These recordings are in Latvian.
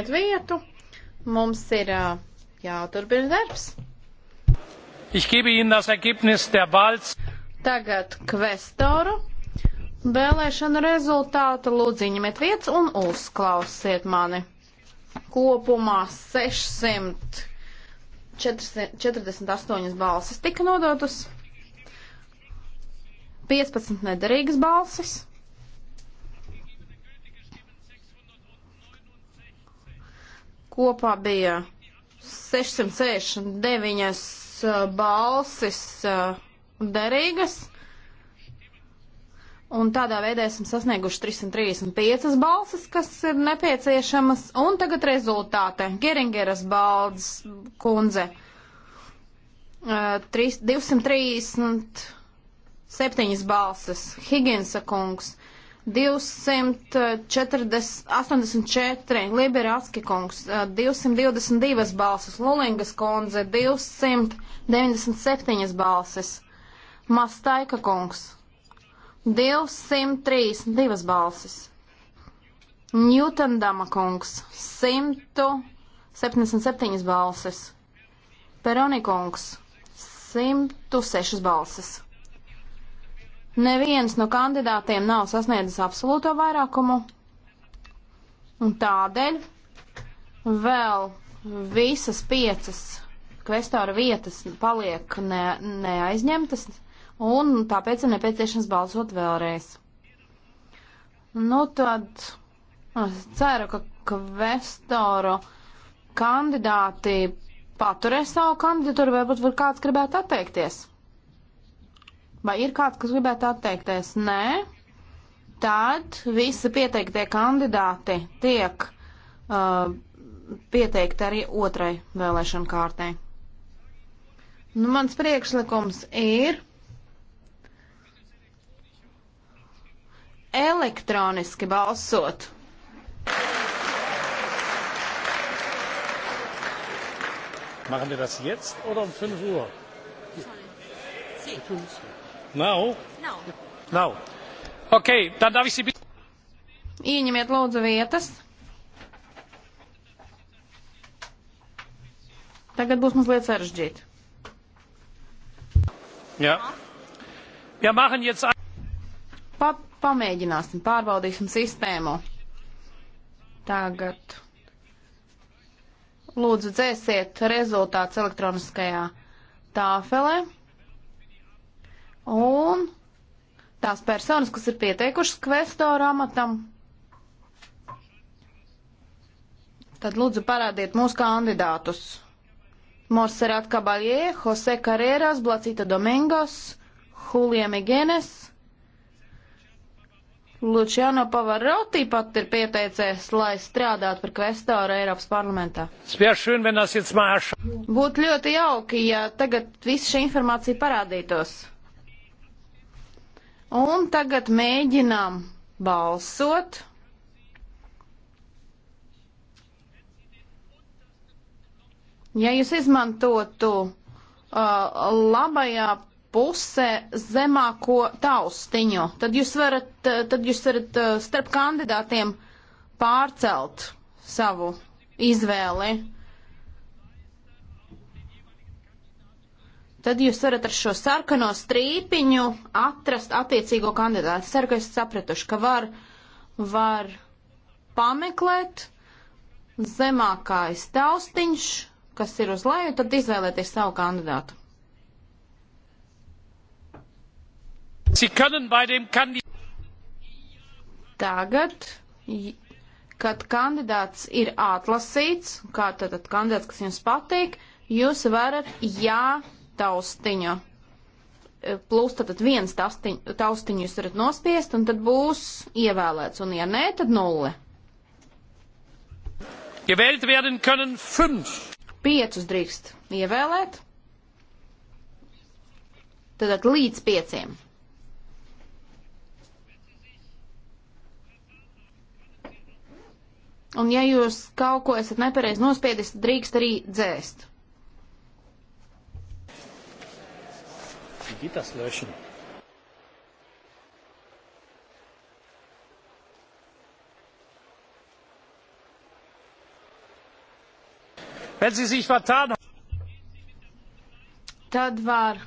ieņemiet vietu. Mums ir jāturpina darbs. Ich gebe Ihnen das Ergebnis der Wahl. Tagad kvestoru vēlēšanu rezultātu lūdzu ieņemiet vietas un uzklausiet mani. Kopumā 648 balsis tika nodotas, 15 nederīgas balsis. kopā bija 669 uh, balsis uh, derīgas, un tādā veidā esam sasnieguši 335 balsis, kas ir nepieciešamas, un tagad rezultāte - Geringeras balds kundze 237 uh, balsis, Higinsa kungs 284, Liberatski kungs, 222 balsis, Lulingas kundze, 297 balsis, Mastaika kungs, 232 balsis, Ņūtendama kungs, 177 balsis, Peronikungs, 106 balsis. Neviens no kandidātiem nav sasniedzis absolūto vairākumu, un tādēļ vēl visas piecas kvestoru vietas paliek ne, neaizņemtas, un tāpēc ir nepieciešams balsot vēlreiz. Nu tad es ceru, ka kvestoru kandidāti paturēs savu kandidatūru, varbūt var kāds gribētu atteikties. Vai ir kāds, kas gribētu atteikties? Nē. Tad visi pieteiktie kandidāti tiek uh, pieteikti arī otrai vēlēšana kārtē. Nu, mans priekšlikums ir elektroniski balsot. Machen wir das jetzt oder um 5 Uhr? Sorry. Nav? Nav. Nav. Ok, tad visi bija. Ieņemiet lūdzu vietas. Tagad būs mazliet sarežģīti. Jā. Ja machen jetzt pa pamēģināsim, pārbaudīsim sistēmu. Tagad lūdzu dzēsiet rezultāts elektroniskajā tāfelē. Un tās personas, kas ir pieteikušas kvestoru amatam, tad lūdzu parādiet mūsu kandidātus. Monserrat Caballé, Jose Carreras, Blacita Domingos, Julija Migenes, Luciano Pavarotti pat ir pieteicies, lai strādātu par kvestoru Eiropas parlamentā. Būtu ļoti jauki, ja tagad visa šī informācija parādītos. Un tagad mēģinām balsot. Ja jūs izmantotu uh, labajā pusē zemāko taustiņu, tad jūs varat, uh, tad jūs varat uh, starp kandidātiem pārcelt savu izvēli. tad jūs varat ar šo sarkano strīpiņu atrast attiecīgo kandidātu. Ceru, ka esat sapratuši, ka var, var pameklēt zemākais taustiņš, kas ir uz leju, tad izvēlēties savu kandidātu. Tagad, kad kandidāts ir atlasīts, kā tad kandidāts, kas jums patīk, jūs varat jā. Ja taustiņa e, plus tad viens taustiņ, taustiņu jūs varat nospiest, un tad būs ievēlēts, un ja nē, tad nulle. Gewählt werden können fünf. Piecus drīkst ievēlēt. Tātad līdz pieciem. Un ja jūs kaut ko esat nepareizi nospiedis, drīkst arī dzēst. die das löschen? Wenn Sie sich vertan Tad var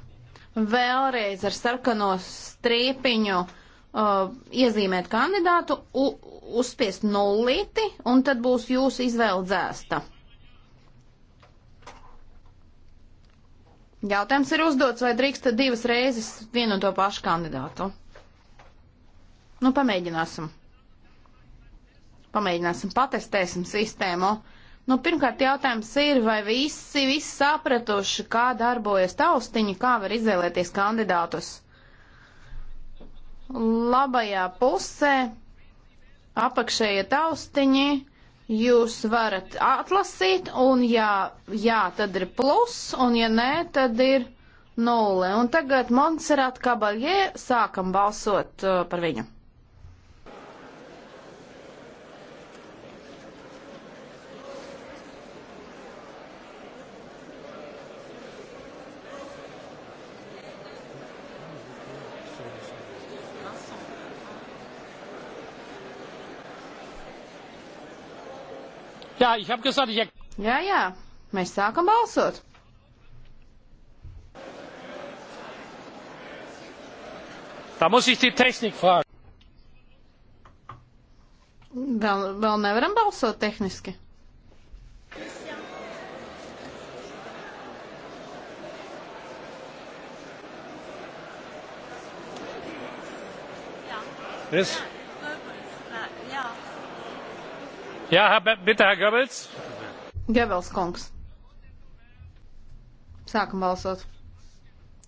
vēlreiz ar sarkano strīpiņu uh, iezīmēt kandidātu, u, uzspiest nulīti, un tad būs jūsu izvēle dzēsta. Jautājums ir uzdots, vai drīksta divas reizes vienu un to pašu kandidātu. Nu, pamēģināsim. Pamēģināsim, patestēsim sistēmu. Nu, pirmkārt, jautājums ir, vai visi, visi sapratuši, kā darbojas taustiņi, kā var izvēlēties kandidātus. Labajā pusē apakšējie taustiņi jūs varat atlasīt, un ja jā, tad ir plus, un ja nē, tad ir nulle. Un tagad Montserrat Kabaljē sākam balsot uh, par viņu. Jā, ich hab gesagt, ich... jā, jā, mēs sākam balsot. Da muss ich die Technik fragen. Vēl, vēl nevaram balsot tehniski. Yes. Jā, bitte, Herr Goebbels. Goebbels kungs. Sākam balsot.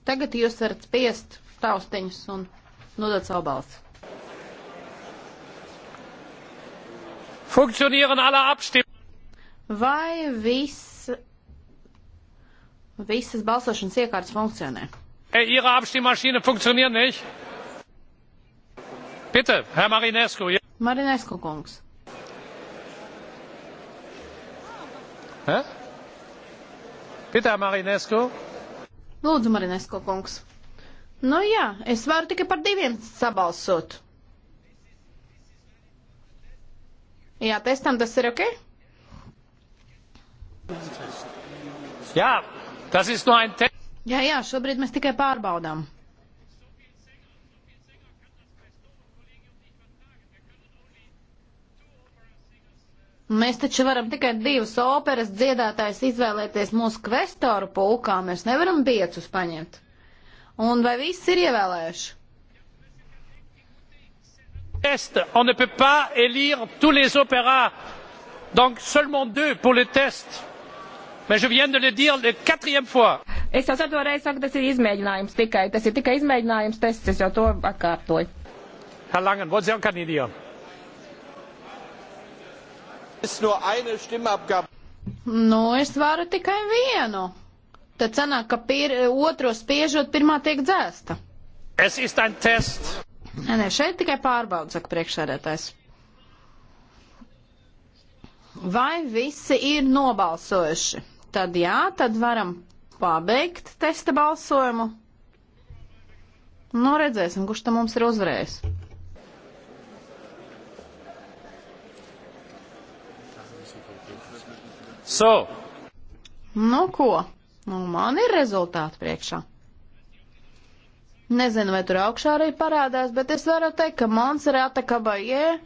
Tagad jūs varat spiest taustiņus un nodot savu balsi. Funktionieren alle Abstimmungen? Vai viss, visas balsošanas iekārtas funkcionē? Hey, ihre Abstimmmaschine funktioniert nicht. Bitte, Herr Marinescu. Ja. Marinescu kungs. He? Pitā Marinesko. Lūdzu, Marinesko kungs. Nu jā, es varu tikai par diviem sabalsot. Jā, testam tas ir ok? Jā, tas ir no ein te. Jā, jā, šobrīd mēs tikai pārbaudām. Mēs taču varam tikai divus operas dziedātājus izvēlēties mūsu kvestoru pulkā, mēs nevaram piecus paņemt. Un vai viss ir ievēlējuši? Test, on ne peut pas élire tous les opéras, donc seulement deux pour le test. Mais je viens de le dire la quatrième fois. Es jau ceturto reizi saku, tas ir izmēģinājums tikai. Tas ir tikai izmēģinājums tests, es jau to atkārtoju. Herr Langen, wollen Sie auch kandidieren? Es no eine Stimmabgabe. Nu, es varu tikai vienu. Tad sanāk, ka pir, otro spiežot, pirmā tiek dzēsta. Es ist ein test. Nē, nē, šeit tikai pārbaudu, saka priekšsēdētājs. Vai visi ir nobalsojuši? Tad jā, tad varam pabeigt testa balsojumu. Nu, redzēsim, kurš tam mums ir uzvarējis. So. Nu ko? Nu, man ir rezultāti priekšā. Nezinu, vai tur augšā arī parādās, bet es varu teikt, ka Monserrata Kabajē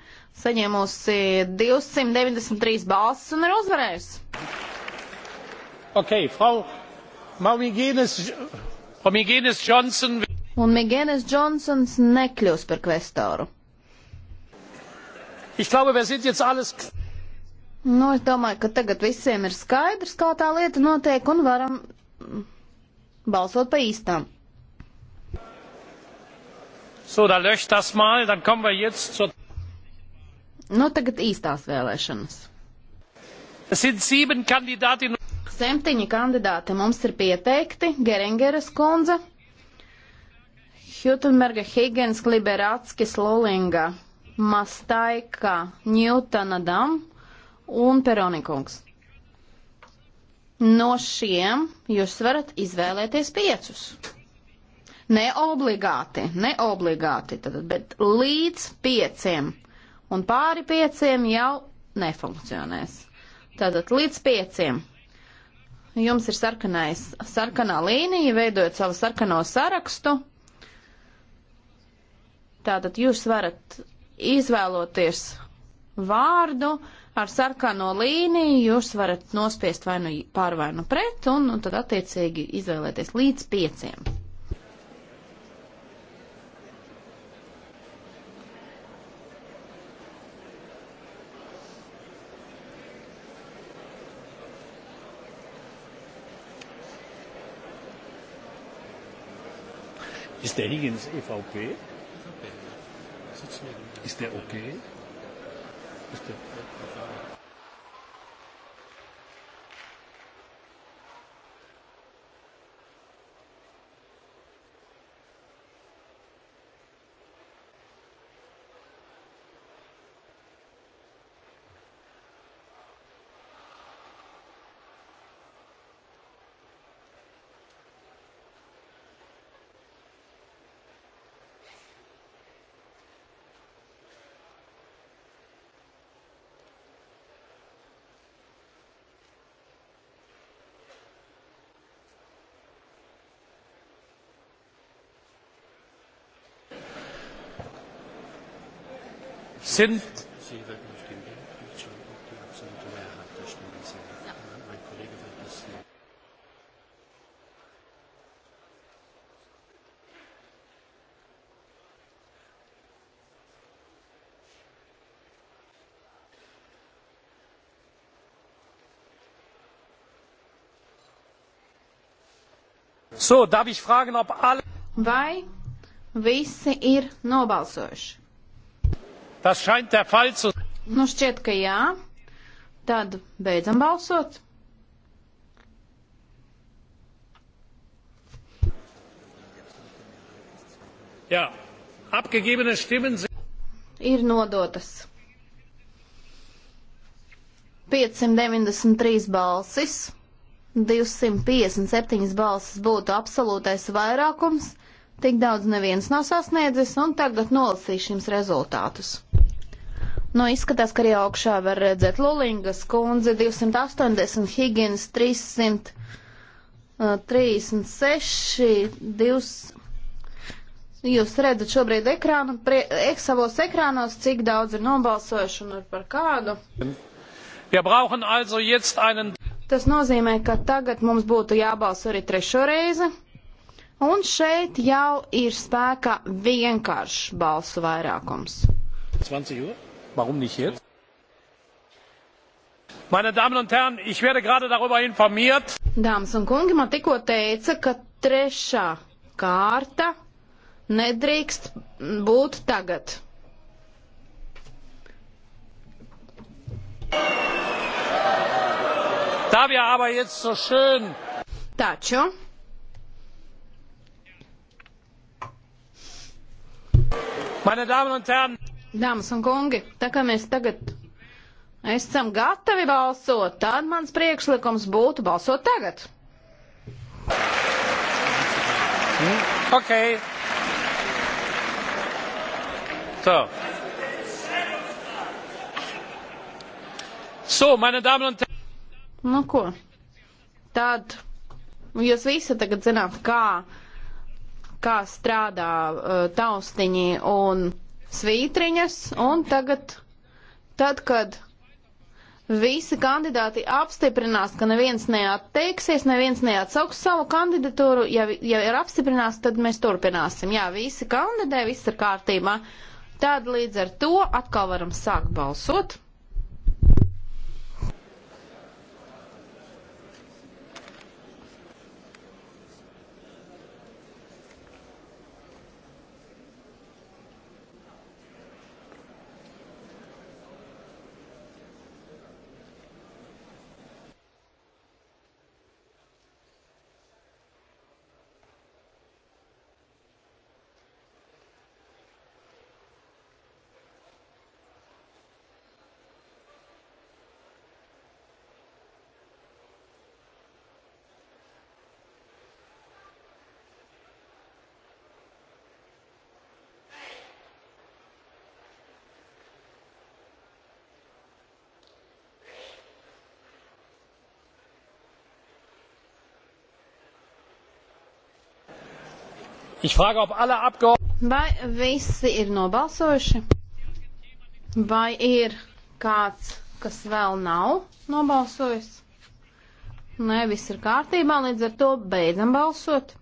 saņēmusi 293 balsis un ir uzvarējusi. Ok, Frau Mamigienes, Mamigienes Johnson. Un Migienes Johnsons nekļūs par kvestoru. Ich glaube, wir sind jetzt alles. Nu, es domāju, ka tagad visiem ir skaidrs, kā tā lieta notiek, un varam balsot pa īstām. So, da löscht das mal, dann kommen wir jetzt zur. Nu, tagad īstās vēlēšanas. Es sind sieben Kandidātinnen. Septiņi kandidāti mums ir pieteikti. Geringeras kundze, Hjutenberga, Higgins, Liberāckis, Lulinga, Mastaika, Ņūtana Dam un Peronikungs. No šiem jūs varat izvēlēties piecus. Ne obligāti, ne obligāti, tad, bet līdz pieciem. Un pāri pieciem jau nefunkcionēs. Tātad līdz pieciem. Jums ir sarkanais, sarkanā līnija, veidojot savu sarkano sarakstu. Tātad jūs varat izvēloties vārdu, uh, ar sarkano līniju jūs varat nospiest vai nu pār vai nu pret, un, un tad attiecīgi izvēlēties līdz pieciem. Ist der Higgins EVP? Ist der okay? Bitte. sind So, darf ich fragen, ob alle. Vai visi ir nobalsojuši? Tas scheint der Fall zu sein. Nu šķiet, ka jā. Tad beidzam balsot. Jā, apgegebene stimmen ir nodotas. 593 balsis, 257 balsis būtu absolūtais vairākums, tik daudz neviens nav sasniedzis, un tagad nolasīšu jums rezultātus. Nu, izskatās, ka arī augšā var redzēt Lulingas kundze 280, Higgins 336, 200. Eh, Jūs redzat šobrīd ekrānu, prie, ek, savos ekrānos, cik daudz ir nobalsojuši un par kādu. Also jetzt einen... Tas nozīmē, ka tagad mums būtu jābalso arī trešo reizi. Un šeit jau ir spēkā vienkāršs balsu vairākums. 20 jūra? warum nicht jetzt? Meine Damen und Herren, ich werde gerade darüber informiert. Dāmas un kungi, man tikko teica, ka trešā kārta nedrīkst būt tagad. Da wir aber jetzt so schön. Taču. Meine Damen und Herren. Dāmas un kungi, tā kā mēs tagad esam gatavi balsot, tad mans priekšlikums būtu balsot tagad. Ok. So. So, meine Damen und Herren. Nu ko, tad jūs visi tagad zināt, kā, kā strādā uh, taustiņi un svītriņas, un tagad, tad, kad visi kandidāti apstiprinās, ka neviens neatteiksies, neviens neatsauks savu kandidatūru, ja, ja ir apstiprinās, tad mēs turpināsim. Jā, visi kandidē, viss ir kārtībā. Tad līdz ar to atkal varam sākt balsot. Vai visi ir nobalsojuši? Vai ir kāds, kas vēl nav nobalsojis? Nē, viss ir kārtībā, līdz ar to beidzam balsot.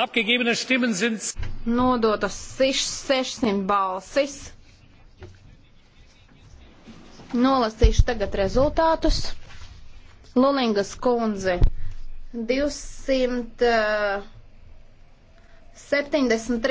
Abgegebene Stimmen sind. Nodotas 600 balsis. Nolasīšu tagad rezultātus. Lulingas kundze 273.